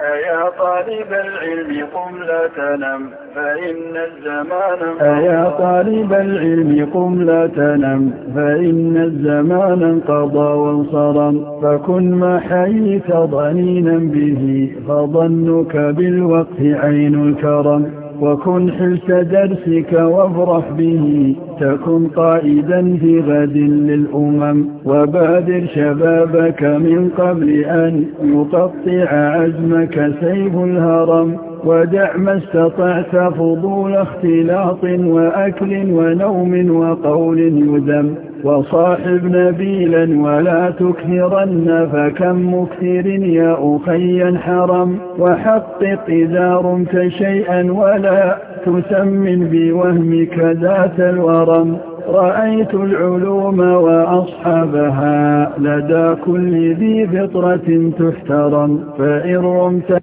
أيا طالب العلم قم لا تنم فإن الزمان أيا طالب العلم قم لا تنم فإن الزمان انقضى وانصرم فكن ما حييت ضنينا به فظنك بالوقت عين الكرم وكن حلس درسك وافرح به تكن قائدا في غد للأمم وبادر شبابك من قبل أن يقطع عزمك سيف الهرم ودع ما استطعت فضول اختلاط وأكل ونوم وقول يذم وصاحب نبيلا ولا تكثرن فكم مكثر يا أخي حرم وحقق إذا رمت شيئا ولا تسمن بوهمك ذات الورم رأيت العلوم وأصحابها لدى كل ذي فطرة تحترم فإن رمت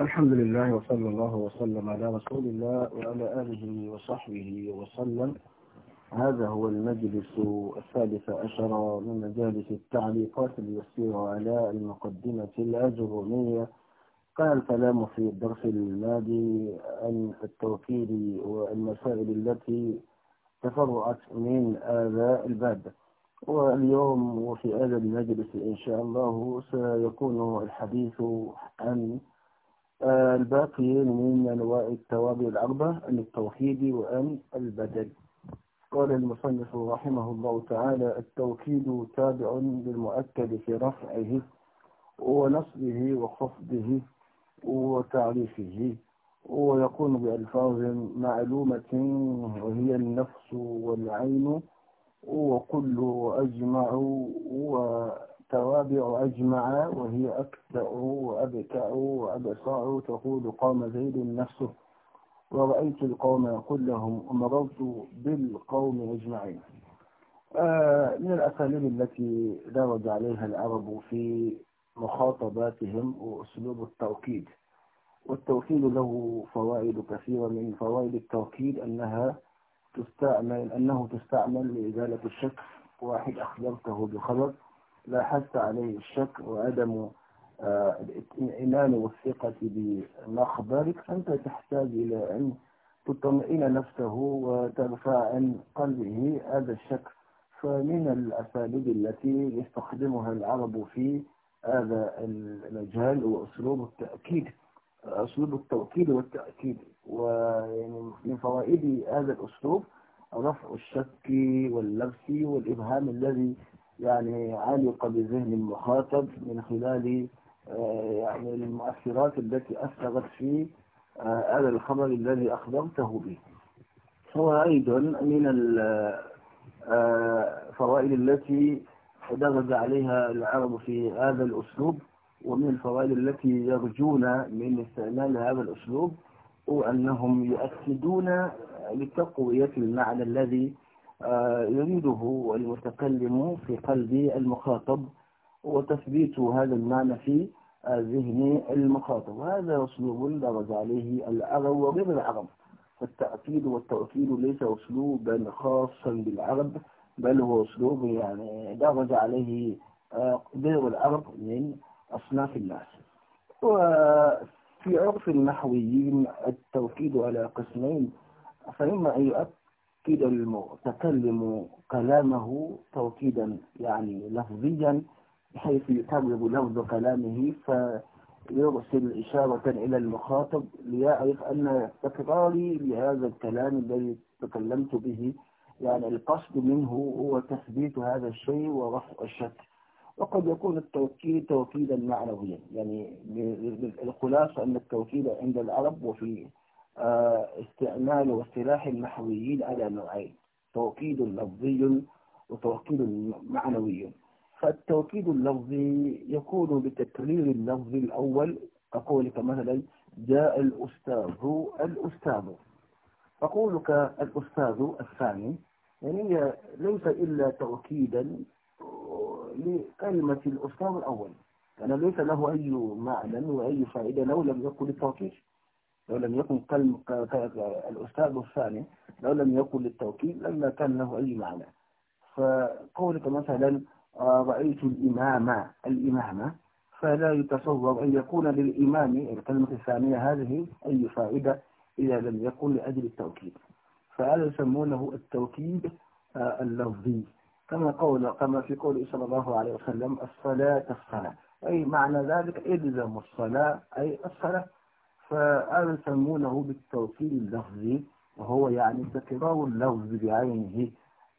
الحمد لله وصلى الله وسلم على رسول الله وعلى آله وصحبه وسلم هذا هو المجلس الثالث عشر من مجالس التعليقات اليسيرة على المقدمة الأجرومية كان الكلام في الدرس الماضي عن التوكيل والمسائل التي تفرعت من هذا الباب واليوم وفي هذا المجلس إن شاء الله سيكون الحديث عن الباقي من أنواع التوابع الأربع عن التوحيد وعن البدل قال المصنف رحمه الله تعالى التوكيد تابع للمؤكد في رفعه ونصبه وخفضه وتعريفه ويكون بألفاظ معلومة وهي النفس والعين وكل أجمع وتوابع أجمع وهي أكتع وأبكع وأبصع تقول قام زيد نفسه ورأيت القوم كلهم ومررت بالقوم أجمعين آه، من الأساليب التي دارج عليها العرب في مخاطباتهم وأسلوب التوكيد والتوكيد له فوائد كثيرة من فوائد التوكيد أنها تستعمل أنه تستعمل لإزالة الشك واحد أخبرته بخبر لاحظت عليه الشك وعدم الاطمئنان والثقة بمخبرك أنت تحتاج إلى أن تطمئن نفسه وترفع عن قلبه هذا الشك فمن الأساليب التي يستخدمها العرب في هذا المجال وأسلوب التأكيد أسلوب التوكيد والتأكيد ويعني من فوائد هذا الأسلوب رفع الشك واللبس والإبهام الذي يعني عالق بذهن المخاطب من خلال آه، يعني المؤثرات التي أثرت في هذا آه، الخبر الذي أخبرته به هو أيضا من الفوائد آه، التي درج عليها العرب في هذا الأسلوب ومن الفوائد التي يرجون من استعمال هذا الأسلوب هو أنهم يؤكدون لتقوية المعنى الذي يريده المتكلم في قلب المخاطب وتثبيت هذا المعنى في ذهن المخاطب وهذا أسلوب درج عليه العرب وغير العرب فالتأكيد والتوكيد ليس أسلوبا خاصا بالعرب بل هو أسلوب يعني درج عليه آه، غير العرب من أصناف الناس وفي عرف النحويين التوكيد على قسمين فإما أن يؤكد المتكلم كلامه توكيدا يعني لفظيا بحيث يطلب لفظ كلامه فيرسل إشارة إلى المخاطب ليعرف أن تكراري لهذا الكلام الذي تكلمت به يعني القصد منه هو تثبيت هذا الشيء ورفع الشك وقد يكون التوكيد توكيدا معنويا يعني الخلاصة أن التوكيد عند العرب وفي آه، استعمال واصطلاح المحويين على نوعين توكيد لفظي وتوكيد معنوي فالتوكيد اللفظي يكون بتكرير اللفظ الأول كقولك مثلا جاء الأستاذ الأستاذ فقولك الأستاذ الثاني يعني هي ليس إلا توكيدا لكلمة الأستاذ الأول يعني ليس له أي معنى وأي فائدة لو لم يكن التوكيد لو لم يكن الأستاذ الثاني لو لم يكن للتوكيد لما كان له أي معنى فقولك مثلا رأيت الإمامة الإمامة فلا يتصور أن يكون للإمام الكلمة الثانية هذه أي فائدة إذا لم يكن لأجل التوكيد فهذا يسمونه التوكيد آه، اللفظي كما قول كما في قوله صلى الله عليه وسلم الصلاة الصلاة أي معنى ذلك إلزم الصلاة أي الصلاة فهذا يسمونه بالتوكيد اللفظي وهو يعني تكرار اللفظ بعينه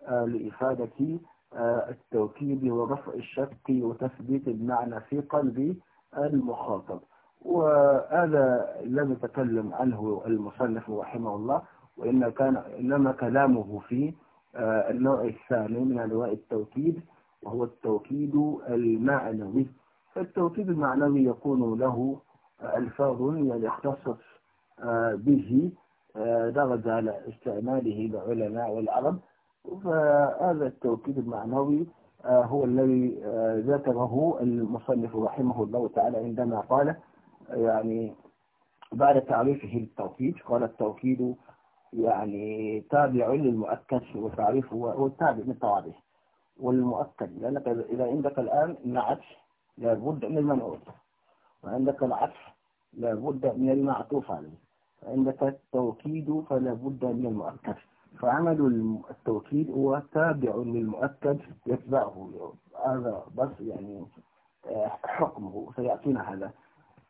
آه، لإفادة التوكيد ورفع الشك وتثبيت المعنى في قلب المخاطب وهذا لم يتكلم عنه المصنف رحمه الله وإن كان إنما كلامه في آه، النوع الثاني من أنواع التوكيد وهو التوكيد المعنوي فالتوكيد المعنوي يكون له ألفاظ يعني آه، به آه، درج على استعماله العلماء والعرب فهذا التوكيد المعنوي آه، هو الذي آه، ذكره المصنف رحمه الله تعالى عندما قال يعني بعد تعريفه للتوكيد قال التوكيد يعني تابع للمؤكد وتعريفه تابع للتوابع والمؤكد لأنك إذا عندك الآن نعت لابد من المنعوت وعندك العطف لابد من المعطوف عليه وعندك التوكيد فلابد من المؤكد فعمل التوكيد هو تابع للمؤكد يتبعه هذا بس يعني آه، حكمه سيأتينا هذا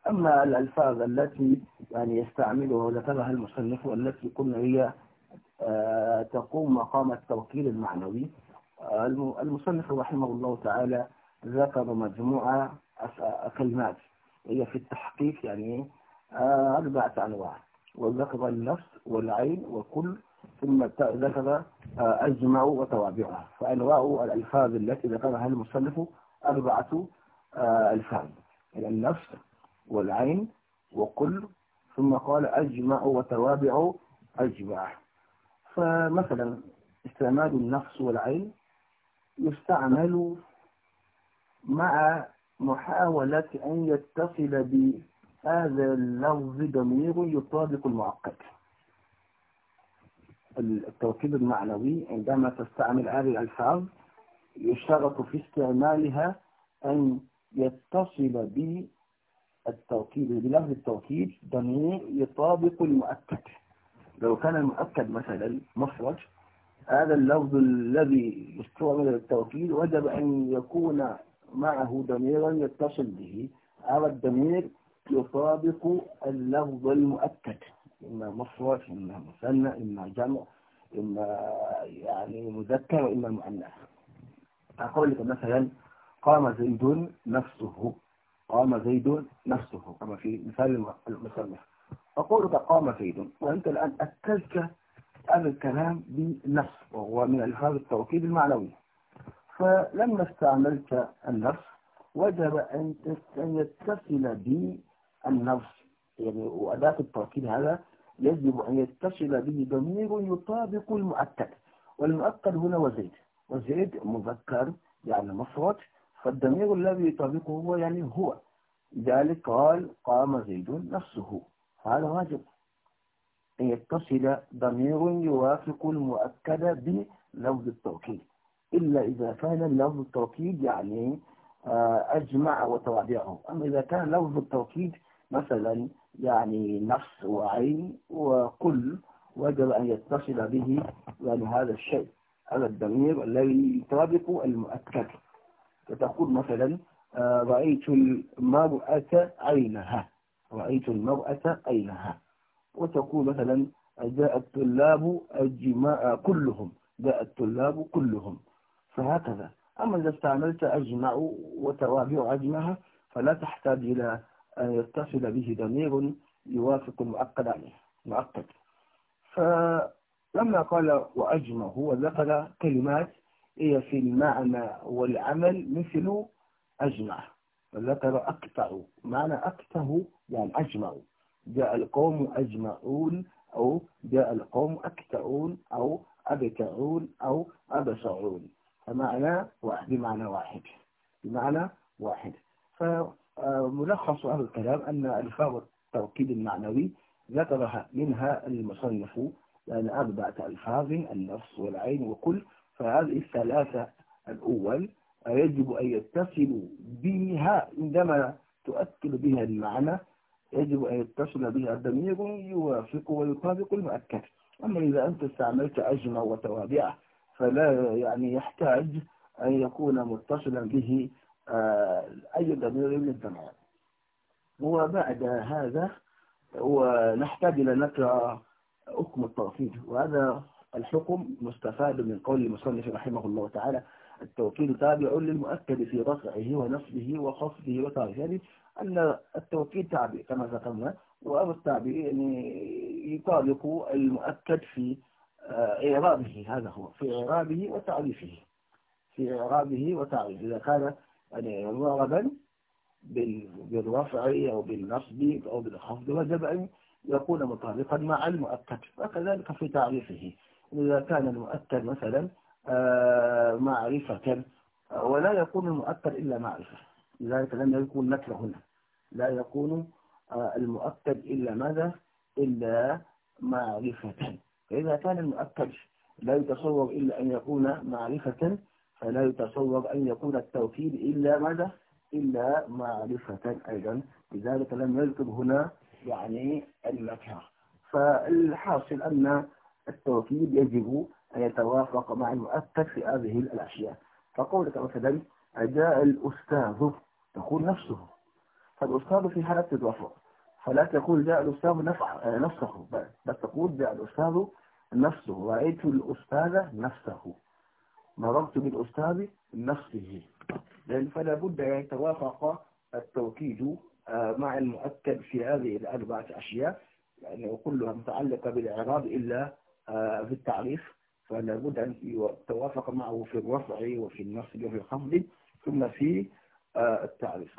أما الألفاظ التي يعني يستعملها ذكرها المصنف والتي قلنا هي آه، تقوم مقام التوكيل المعنوي المصنف رحمه الله تعالى ذكر مجموعة كلمات هي في التحقيق يعني آه، أربعة أنواع وذكر النفس والعين وكل ثم ذكر الجمع آه، وتوابعها فأنواع الألفاظ التي ذكرها المصنف أربعة آه، ألفاظ النفس والعين وكل ثم قال أجمع وتوابع أجمع فمثلا استعمال النفس والعين يستعمل مع محاولة أن يتصل بهذا اللفظ ضمير يطابق المعقد التوكيد المعنوي عندما تستعمل هذه الألفاظ يشترط في استعمالها أن يتصل بالتوكيد بلفظ التوكيد ضمير يطابق المؤكد لو كان المؤكد مثلا مفرج هذا اللفظ الذي استعمل للتوكيد وجب أن يكون معه ضميرا يتصل به هذا الضمير يطابق اللفظ المؤكد إما مفرد إما مثنى إما جمع إما يعني مذكر وإما مؤنث أقول لك مثلا قام زيد نفسه قام زيد نفسه كما في مثال المثنى أقول لك قام زيد وأنت الآن أكدت هذا الكلام بالنفس وهو من ألفاظ التوكيد المعنوي فلما استعملت النفس وجب أن يتصل بالنفس يعني وأداة التوكيد هذا يجب أن يتصل به ضمير يطابق المؤكد والمؤكد هنا وزيد وزيد مذكر يعني مفرد فالضمير الذي يطابقه هو يعني هو ذلك قال قام زيد نفسه هذا واجب أن يتصل ضمير يوافق المؤكد بلفظ التوكيد إلا إذا كان لفظ التوكيد يعني آه، أجمع وتوابعه أما إذا كان لفظ التوكيد مثلا يعني نفس وعين وكل وجب أن يتصل به يعني هذا الشيء على الضمير الذي يطابق المؤكد فتقول مثلا آه، رأيت المرأة عينها رأيت المرأة عينها وتقول مثلا جاء الطلاب الجماعة كلهم جاء الطلاب كلهم فهكذا أما إذا استعملت أجمع وتوابع أجمعها فلا تحتاج إلى أن يتصل به ضمير يوافق المعقد عليه معقد فلما قال وأجمع هو ذكر كلمات هي في المعنى والعمل مثل أجمع ذكر أقطع معنى أقطع يعني أجمع جاء القوم أجمعون أو جاء القوم أكتعون أو أبتعون أو أبصعون فمعنى واحد بمعنى واحد بمعنى واحد ف آه، ملخص هذا الكلام أن الفاظ التوكيد المعنوي ذكرها منها المصنف يعني أربعة ألفاظ النفس والعين وكل فهذه الثلاثة الأول يجب أن يتصلوا بها عندما تؤكد بها المعنى يجب أن يتصل بها الضمير يوافق ويطابق المؤكد أما إذا أنت استعملت أجمع وتوابعه فلا يعني يحتاج أن يكون متصلا به آه، أي ضمير من الضمائر وبعد هذا ونحتاج إلى نقرأ حكم التوكيد وهذا الحكم مستفاد من قول المصنف رحمه الله تعالى التوكيد تابع للمؤكد في رفعه ونصبه وخفضه وتعريفه يعني أن التوكيد تابع كما ذكرنا وأمر التابع يعني يطابق المؤكد في آه، إعرابه هذا هو في إعرابه وتعريفه في إعرابه وتعريفه إذا كان يعني ضربا بالرفع أو بالنصب أو بالخفض وجب أن يكون مطابقا مع المؤكد وكذلك في تعريفه إذا كان المؤكد مثلا آه، معرفة ولا يكون المؤكد إلا معرفة لذلك لم يكون نكر هنا لا يكون آه، المؤكد إلا ماذا إلا معرفة فإذا كان المؤكد لا يتصور إلا أن يكون معرفة فلا يتصور أن يكون التوكيد إلا ماذا إلا معرفة أيضا لذلك لم يذكر هنا يعني المكان فالحاصل أن التوكيد يجب أن يتوافق مع المؤكد في هذه الأشياء فقولك مثلا جاء الأستاذ تقول نفسه فالأستاذ في حالة الوفاء فلا تقول جاء الأستاذ نفسه بل تقول جاء الأستاذ نفسه رأيت الأستاذ نفسه مررت بالأستاذ نفسه فلا بد أن يتوافق التوكيد آه، مع المؤكد في هذه الأربعة أشياء يعني كلها متعلقة بالإعراب إلا آه، في التعريف فلا بد أن يتوافق معه في الرفع وفي النصب وفي الخفض ثم في آه، التعريف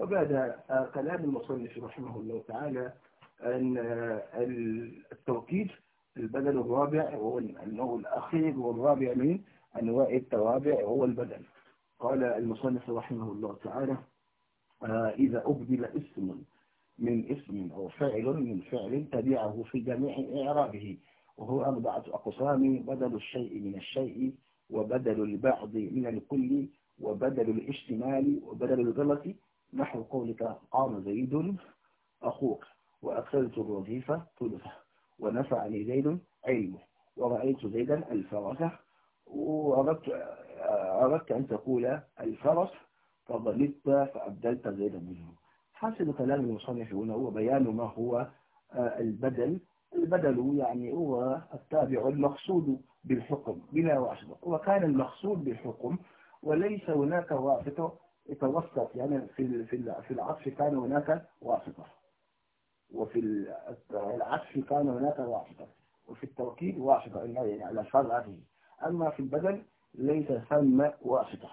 وبعد كلام المصنف رحمه الله تعالى أن التوكيد البدل الرابع هو النوع الأخير والرابع من أنواع التوابع هو البدل قال المصنف رحمه الله تعالى آه، إذا أبدل اسم من اسم أو فعل من فعل تبعه في جميع إعرابه وهو أربعة أقسام بدل الشيء من الشيء وبدل البعض من الكل وبدل الاشتمال وبدل الغلط نحو قولك قام زيد أخوك وأخذت الوظيفة ثلثه ونفعني زيد علمه ورأيت زيدا الفرسة وأردت أردت أن تقول الفرس فضلت فأبدلت غير منه حاصل كلام المصنف هنا هو بيان ما هو آه، البدل البدل يعني هو التابع المقصود بالحكم بلا واسطة وكان المقصود بالحكم وليس هناك واسطة يتوسط يعني في في العطف كان هناك واسطة وفي العطف كان هناك واسطة وفي التوكيد واسطة يعني على هذه أما في البدل ليس ثم واسطة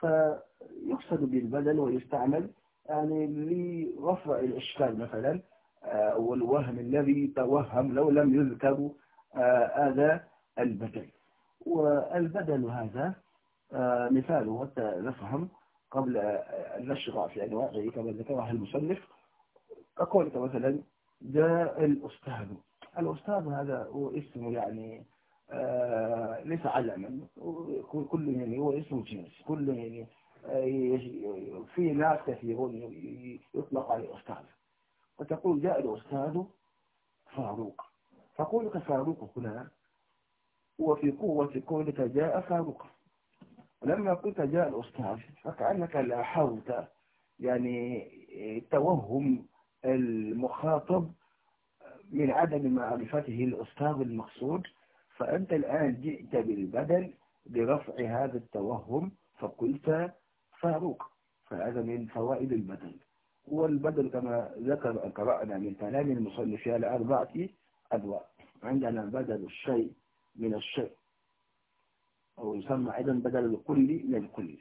فيقصد بالبدل ويستعمل يعني لرفع الإشكال مثلا آه، والوهم الذي توهم لو لم يذكر آه، هذا البدل والبدل هذا مثاله حتى نفهم قبل آه، النشر في أنواعه كما ذكرها المصنف كقولك مثلا جاء الأستاذ الأستاذ هذا هو اسم يعني آه، ليس علما كل يعني هو اسم جنس كل يعني آه، في ناس كثيرون يطلق عليه أستاذ وتقول جاء الأستاذ فاروق فقولك فاروق هنا هو في قوة قولك جاء فاروق لما قلت جاء الأستاذ فكأنك لاحظت يعني توهم المخاطب من عدم معرفته الأستاذ المقصود فأنت الآن جئت بالبدل لرفع هذا التوهم فقلت فاروق فهذا من فوائد البدل والبدل كما ذكر قرأنا من كلام المصنف على أربعة أدواء عندنا بدل الشيء من الشيء أو يسمى أيضا بدل الكل من الكل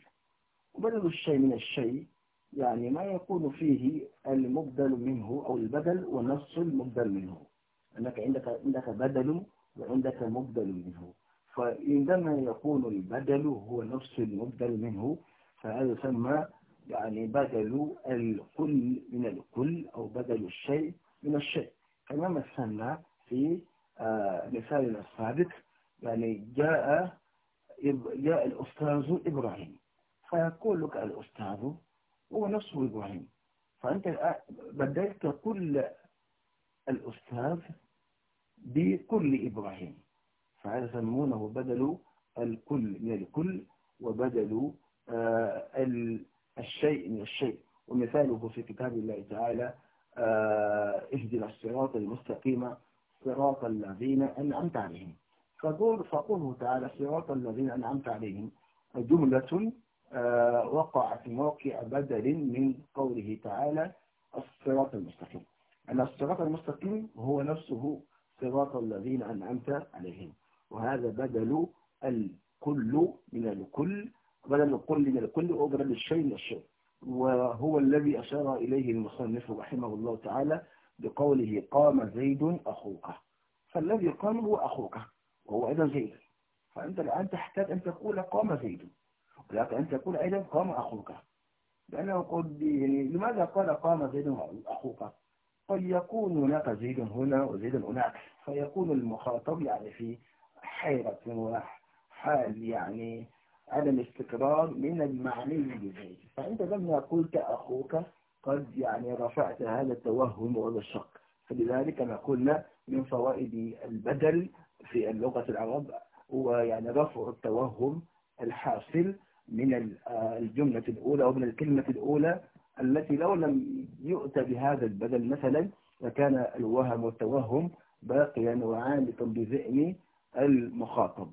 وبدل الشيء من الشيء يعني ما يكون فيه المبدل منه أو البدل ونص المبدل منه أنك عندك عندك بدل وعندك مبدل منه فعندما يكون البدل هو نفس المبدل منه فهذا يسمى يعني بدل الكل من الكل أو بدل الشيء من الشيء كما مثلنا في آه، مثالنا السابق يعني جاء جاء الأستاذ إبراهيم فيقول لك الأستاذ هو نفسه إبراهيم فأنت بدلت كل الأستاذ بكل إبراهيم فهذا سمونه بدل الكل من يعني الكل وبدل آه، الشيء من الشيء ومثاله في كتاب الله تعالى آه، اهدنا الصراط المستقيم صراط الذين أنعمت عليهم فقول فقوله تعالى صراط الذين أنعمت عليهم جملة آه، وقع في موقع بدل من قوله تعالى الصراط المستقيم أن الصراط المستقيم هو نفسه الذين أنعمت عليهم وهذا بدل الكل من الكل بدل الكل من الكل وبدل الشيء من الشيء وهو الذي أشار إليه المصنف رحمه الله تعالى بقوله قام زيد أخوك فالذي قام هو أخوك وهو أيضا زيد فأنت الآن تحتاج أن تقول قام زيد ولكن أن تقول أيضا قام أخوك لأنه قد يعني لماذا قال قام زيد أخوك قد يكون هناك زيد هنا وزيد هناك فيكون المخاطب يعني في حيرة وحال يعني عدم استقرار من المعني بذلك فأنت لما قلت أخوك قد يعني رفعت هذا التوهم وهذا الشك فلذلك كما قلنا من فوائد البدل في اللغة العرب هو يعني رفع التوهم الحاصل من الجملة الأولى ومن الكلمة الأولى التي لو لم يؤتى بهذا البدل مثلا لكان الوهم والتوهم باقيا وعالقا بذئن المخاطب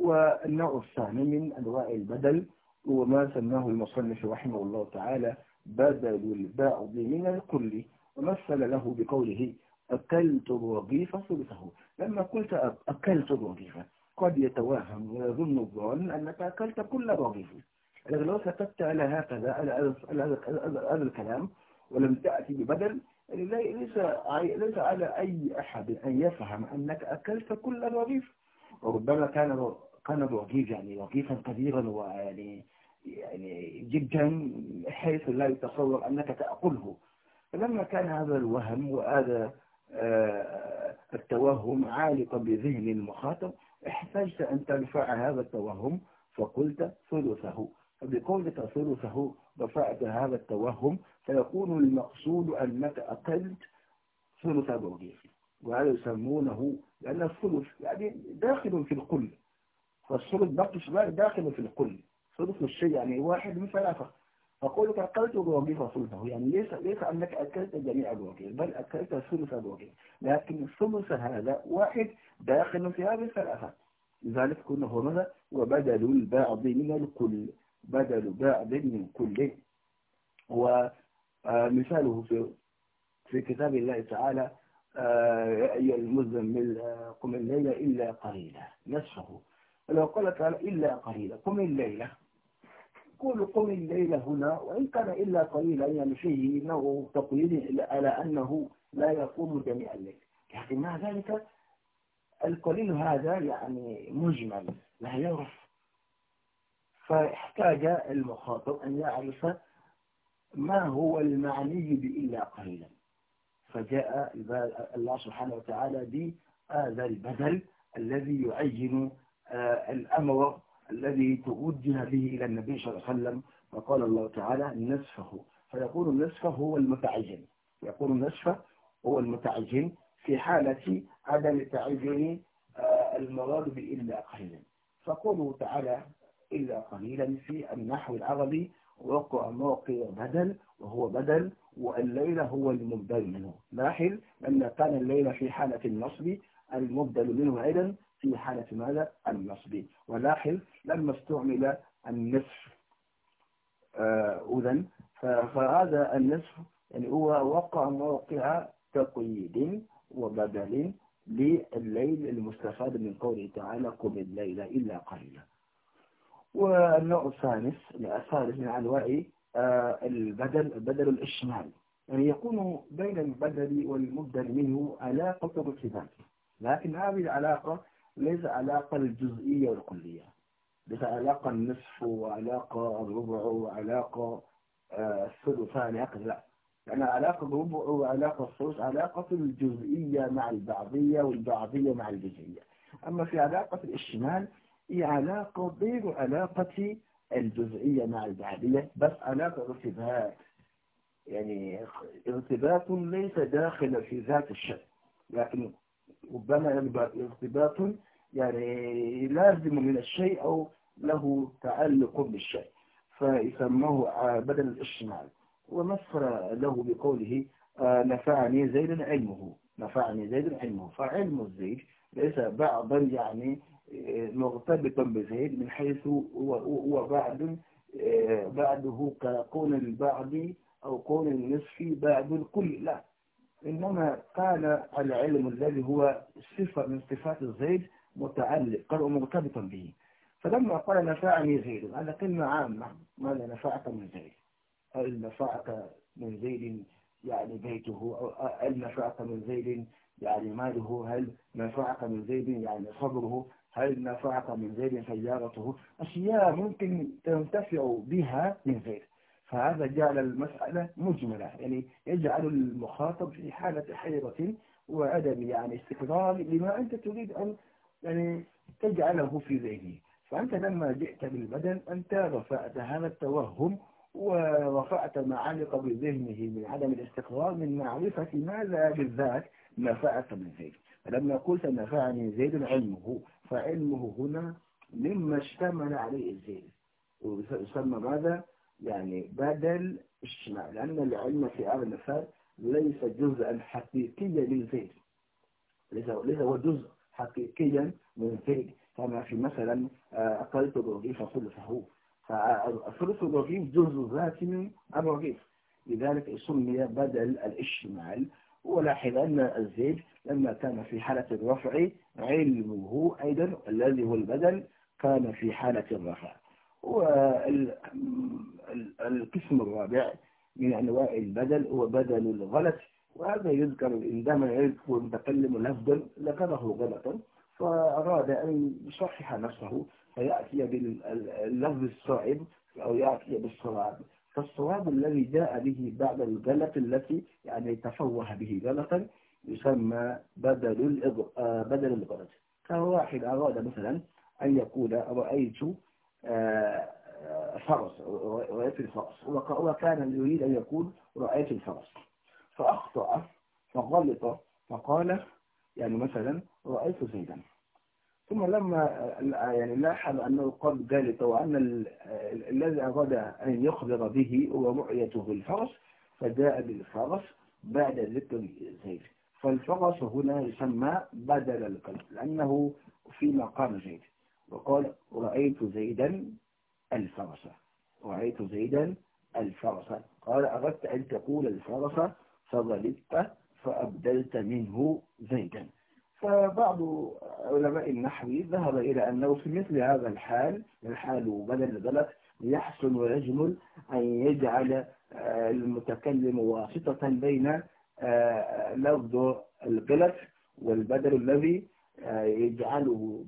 والنوع الثاني من أنواع البدل هو ما سماه المصنف رحمه الله تعالى بدل البعض من الكل ومثل له بقوله أكلت الوظيفة ثلثه لما قلت أكلت الوظيفة قد يتوهم ويظن الظن أنك أكلت كل الوظيفة لو سكت على هكذا على هذا الكلام ولم تأتي ببدل يعني ليس ليس على أي أحد أن يفهم أنك أكلت كل الرغيف وربما كان كان الرغيف يعني رغيفا كبيرا ويعني يعني جدا حيث لا يتصور أنك تأكله فلما كان هذا الوهم وهذا آه، التوهم عالقا بذهن المخاطب احتجت أن ترفع هذا التوهم فقلت ثلثه فبقولك ثلثه رفعت هذا التوهم فيكون المقصود أنك أكلت ثلث بوجيه وهذا يسمونه لأن الثلث يعني داخل في الكل فالثلث بقي شمال داخل في الكل ثلث الشيء يعني واحد من ثلاثة فقولك أكلت الوظيفة ثلثه يعني ليس ليس أنك أكلت جميع الوظيفة بل أكلت ثلث الوظيفة لكن الثلث هذا واحد داخل في هذه الثلاثة لذلك كنا هنا وبدل البعض من الكل بدل بعض من كل و آه، مثاله في في كتاب الله تعالى آه، يا أيها المزمل آه، قم الليل إلا قليلا نصفه فلو قال تعالى إلا قليلا قم الليلة قول قم الليل هنا وإن كان إلا قليلا يعني فيه نوع تقليل على أنه لا يقوم جميع الليل لكن مع ذلك القليل هذا يعني مجمل لا يعرف فاحتاج المخاطب أن يعرف ما هو المعني بإلا قليلا فجاء الله سبحانه وتعالى بهذا البدل الذي يعين آه، الأمر الذي توجه به إلى النبي صلى الله عليه وسلم فقال الله تعالى نصفه فيقول النصف هو المتعين يقول النصف هو المتعين في حالة عدم تعين آه، المراد بإلا قليلا فقوله تعالى إلا قليلا في النحو العربي وقع موقع بدل وهو بدل والليل هو المبدل منه لاحل أن كان الليل في حالة النصب المبدل منه أيضا في حالة ماذا النصب ولاحظ لما استعمل النصف آه، أذن فهذا النصف يعني هو وقع موقع تقييد وبدل لليل المستفاد من قوله تعالى قم الليل إلا قليلا والنوع الثالث الثالث من أنواع آه، البدل البدل الإشمالي يعني يكون بين البدل والمبدل منه علاقة ارتباط لكن هذه العلاقة ليس علاقة الجزئية والكلية ليس علاقة النصف وعلاقة الربع وعلاقة آه، الثلث هكذا لا يعني علاقة الربع وعلاقة الثلث علاقة الجزئية مع البعضية والبعضية مع الجزئية أما في علاقة الاشتمال علاقة غير علاقة الجزئية مع البعدية بس علاقة ارتباط يعني ارتباط ليس داخل في ذات الشيء لكن ربما ارتباط يعني لازم من الشيء أو له تعلق بالشيء فيسموه آه، بدل الاشتمال ومصر له بقوله آه، نفعني زيد علمه نفعني زيد علمه فعلم الزيد ليس بعضا يعني مرتبطا بزيد من حيث هو بعد آه، بعده كقول البعض أو قول النصف بعد الكل لا إنما كان العلم الذي هو صفة من صفات الزيد متعلق قال مرتبطا به فلما قال نفعني زيد على كلمة عامة نعم. ماذا نفعك من زيد هل نفعك من زيد يعني بيته هل نفعك من زيد يعني ماله هل نفعك من زيد يعني صبره هل نفعك من زيد سيارته أشياء ممكن تنتفع بها من زيد فهذا جعل المسألة مجملة يعني يجعل المخاطب في حالة حيرة وعدم يعني استقرار لما أنت تريد أن يعني تجعله في ذهنه فأنت لما جئت بالبدن أنت رفعت هذا التوهم ورفعت معالق بذهنه من عدم الاستقرار من معرفة ماذا بالذات نفعت من زيد فلما قلت نفعني زيد علمه فعلمه هنا مما اشتمل عليه الذهن ويسمى ماذا؟ يعني بدل اجتماع لأن العلم في هذا المثال ليس جزءا حقيقيا للذهن ليس ليس هو جزء حقيقيا من زيد كما في مثلا آه، أقلت الرغيف ثلثه فثلث الرغيف جزء ذاتي من الرغيف لذلك سمي بدل الاشتمال ولاحظ أن الزيد لما كان في حالة الرفع علمه أيضا الذي هو البدن كان في حالة الرفع والقسم الرابع من أنواع البدل هو بدل الغلط وهذا يذكر عندما يذكر المتكلم لفظا ذكره غلطا فأراد أن يصحح نفسه فيأتي باللفظ الصائب أو يأتي بالصواب فالصواب الذي جاء به بعد الغلط التي يعني تفوه به غلطا يسمى بدل آه، بدل الغلط كواحد أراد مثلا أن يقول رأيت آه، فرس رأيت الفرس وكان يريد أن يقول رأيت الفرس فأخطأ فغلط فقال يعني مثلا رأيت زيدا ثم لما آه، يعني لاحظ أنه قد ذلك وأن الذي أراد أن يخبر به هو رؤيته الفرس فجاء بالفرس بعد ذكر زيد فالفرس هنا يسمى بدل القلب لأنه في مقام زيد وقال رأيت زيدا الفرس رأيت زيدا الفرس قال أردت أن تقول الفرس فظلت فأبدلت منه زيدا فبعض علماء النحو ذهب إلى أنه في مثل هذا الحال الحال بدل البلد يحسن ويجمل أن يجعل آه، المتكلم واسطة بين آه، لفظ الغلط والبدل الذي آه، يجعله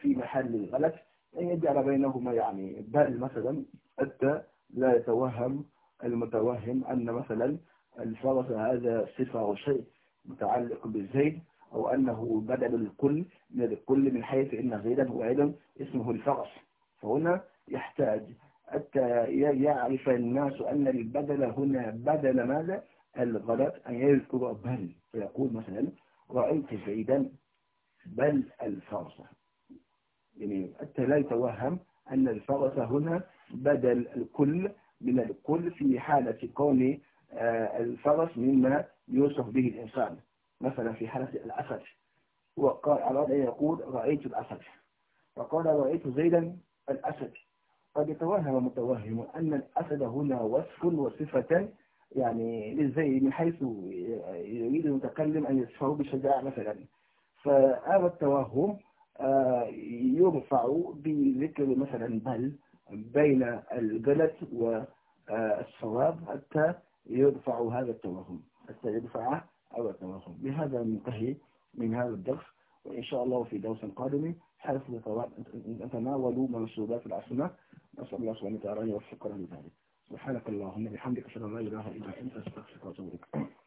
في محل الغلط أن يجعل بينهما يعني بل مثلا حتى لا يتوهم المتوهم أن مثلا الفرس هذا صفة أو شيء متعلق بالزيد أو أنه بدل الكل من الكل من حيث إن غيرا علم اسمه الفرس فهنا يحتاج حتى يعرف الناس أن البدل هنا بدل ماذا الغلط أن يذكر بل فيقول مثلا رأيت زيدا بل الفرس يعني حتى لا يتوهم أن الفرس هنا بدل الكل من الكل في حالة كون آه، الفرس مما يوصف به الإنسان مثلا في حالة الأسد وقال على يقول رأيت الأسد وقال رأيت زيدا الأسد قد يتوهم متوهم أن الأسد هنا وصف وصفة يعني للزي من حيث يريد المتكلم أن يصفه بشجاعة مثلا فهذا التوهم آه، يرفع بذكر مثلا بل بين الجلد والصواب حتى يرفع هذا التوهم حتى يرفعه أو التواصل بهذا ننتهي من هذا الدرس وإن شاء الله في درس قادم حيث نتناول منسوبات العاصمة نسأل الله سبحانه وتعالى أن يوفقنا لذلك سبحانك اللهم بحمدك أشهد أن لا إله إلا أنت أستغفرك وأتوب إليك